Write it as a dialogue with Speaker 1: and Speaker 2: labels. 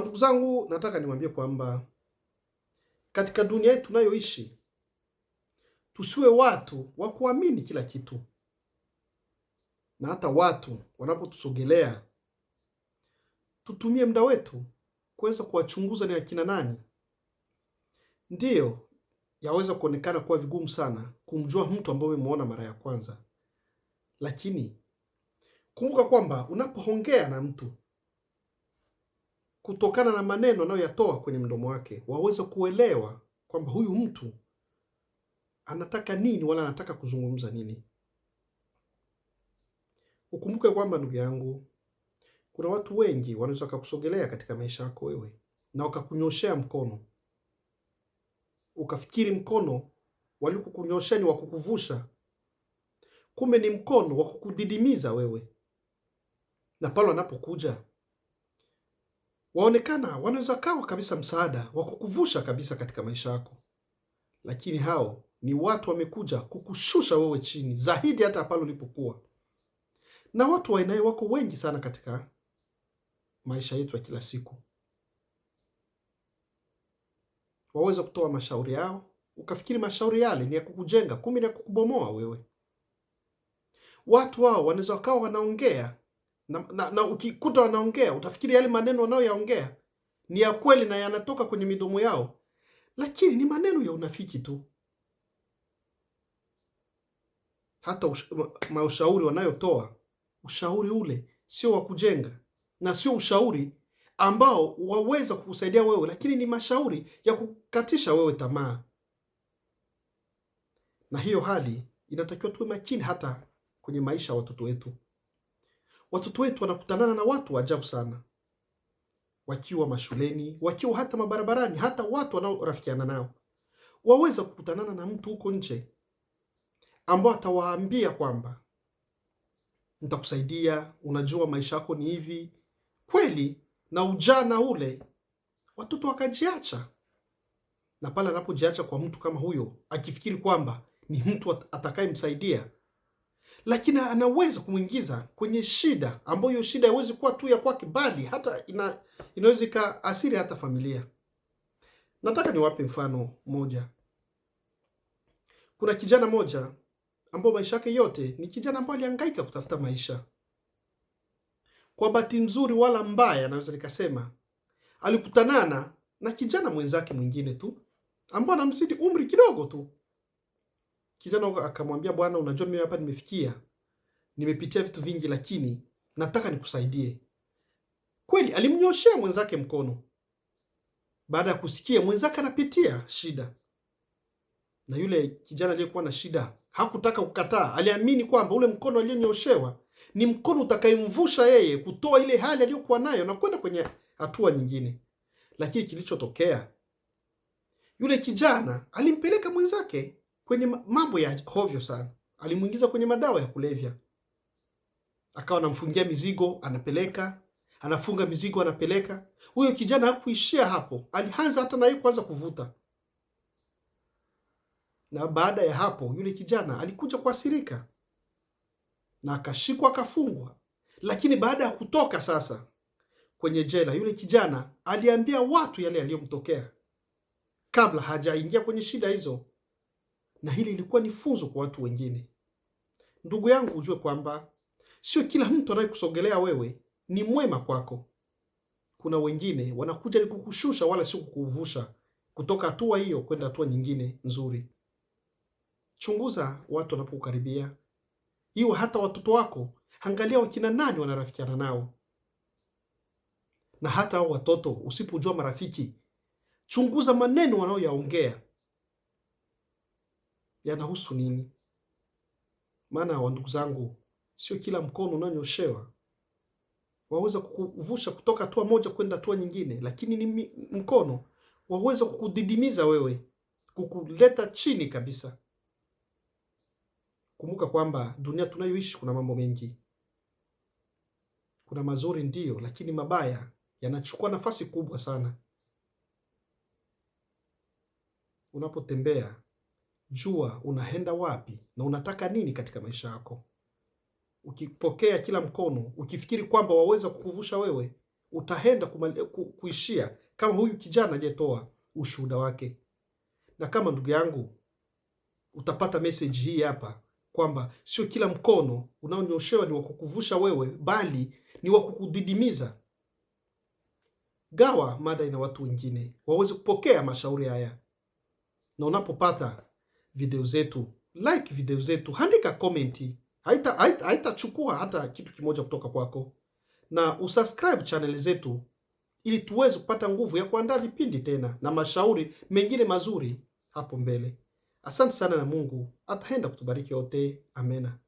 Speaker 1: Ndugu zangu, nataka niwaambie kwamba katika dunia yetu tunayoishi tusiwe watu wa kuamini kila kitu, na hata watu wanapotusogelea tutumie muda wetu kuweza kuwachunguza ni akina nani. Ndiyo, yaweza kuonekana kuwa vigumu sana kumjua mtu ambaye umemwona mara ya kwanza, lakini kumbuka kwamba unapoongea na mtu kutokana na maneno anayoyatoa kwenye mdomo wake waweze kuelewa kwamba huyu mtu anataka nini wala anataka kuzungumza nini. Ukumbuke kwamba ndugu yangu, kuna watu wengi wanaweza wakakusogelea katika maisha yako wewe na wakakunyoshea mkono, ukafikiri mkono walikukunyoshea ni wa kukuvusha, kumbe ni mkono wa kukudidimiza wewe, na pale wanapokuja waonekana wanaweza kawa kabisa msaada wa kukuvusha kabisa katika maisha yako, lakini hao ni watu wamekuja kukushusha wewe chini zaidi hata pale ulipokuwa. Na watu wa aina hiyo wako wengi sana katika maisha yetu ya kila siku. Waweza kutoa mashauri yao ukafikiri mashauri yale ni ya kukujenga, kumbe ni ya kukubomoa wewe. Watu wao wanaweza wakawa wanaongea na, na, na ukikuta wanaongea utafikiri yale maneno wanayoyaongea ni ya kweli na yanatoka kwenye midomo yao, lakini ni maneno ya unafiki tu. Hata usha, maushauri wanayotoa ushauri ule sio wa kujenga na sio ushauri ambao waweza kukusaidia wewe, lakini ni mashauri ya kukatisha wewe tamaa. Na hiyo hali inatakiwa tuwe makini hata kwenye maisha ya watoto wetu watoto wetu wanakutanana na watu wa ajabu sana, wakiwa mashuleni, wakiwa hata mabarabarani, hata watu wanaorafikiana nao waweza kukutanana na mtu huko nje ambao atawaambia kwamba nitakusaidia, unajua maisha yako ni hivi kweli, na ujana ule watoto wakajiacha. Na pale anapojiacha kwa mtu kama huyo, akifikiri kwamba ni mtu atakayemsaidia, lakini anaweza kumwingiza kwenye shida ambayo shida haiwezi kuwa tu ya kwake, bali hata ina, inaweza ikaathiri hata familia. Nataka niwape mfano moja Kuna kijana moja ambayo maisha yake yote ni kijana ambaye alihangaika kutafuta maisha. Kwa bahati nzuri wala mbaya, naweza nikasema alikutanana na kijana mwenzake mwingine tu ambao anamzidi umri kidogo tu Kijana akamwambia, bwana, unajua mimi hapa nimefikia, nimepitia vitu vingi, lakini nataka nikusaidie. Kweli alimnyoshea mwenzake mkono baada ya kusikia mwenzake anapitia shida, na yule kijana aliyekuwa na shida hakutaka kukataa. Aliamini kwamba ule mkono aliyonyoshewa ni mkono utakayemvusha yeye kutoa ile hali aliyokuwa nayo na kwenda kwenye hatua nyingine. Lakini kilichotokea, yule kijana alimpeleka mwenzake kwenye mambo ya hovyo sana, alimuingiza kwenye madawa ya kulevya, akawa anamfungia mizigo anapeleka, anafunga mizigo anapeleka. Huyo kijana hakuishia hapo, alianza hata naye kuanza kuvuta, na baada ya hapo yule kijana alikuja kuasirika na akashikwa akafungwa. Lakini baada ya kutoka sasa kwenye jela, yule kijana aliambia watu yale yaliyomtokea kabla hajaingia kwenye shida hizo na hili ilikuwa ni funzo kwa watu wengine. Ndugu yangu, ujue kwamba sio kila mtu anayekusogelea wewe ni mwema kwako. Kuna wengine wanakuja ni kukushusha, wala si kukuvusha kutoka hatua hiyo kwenda hatua nyingine nzuri. Chunguza watu wanapokukaribia, iwe hata watoto wako. Angalia wakina nani wanarafikiana nao, na hata hao watoto usipojua marafiki, chunguza maneno wanayoyaongea yanahusu nini? Maana wa ndugu zangu, sio kila mkono unanyoshewa waweza kukuvusha kutoka hatua moja kwenda hatua nyingine, lakini ni mkono waweza kukudidimiza wewe, kukuleta chini kabisa. Kumbuka kwamba dunia tunayoishi kuna mambo mengi, kuna mazuri ndiyo, lakini mabaya yanachukua nafasi kubwa sana unapotembea Jua unaenda wapi na unataka nini katika maisha yako. Ukipokea kila mkono ukifikiri kwamba waweza kukuvusha wewe, utaenda kuishia kama huyu kijana aliyetoa ushuhuda wake. Na kama ndugu yangu, utapata message hii hapa kwamba sio kila mkono unaonyoshewa ni wa kukuvusha wewe, bali ni wa kukudidimiza. Gawa mada ina watu wengine waweze kupokea mashauri haya, na unapopata video zetu, like video zetu, handika komenti, haitachukua haita hata kitu kimoja kutoka kwako, na usubscribe channel zetu ili tuweze kupata nguvu ya kuandaa vipindi tena na mashauri mengine mazuri hapo mbele. Asante sana na Mungu ataenda kutubariki wote. Amena.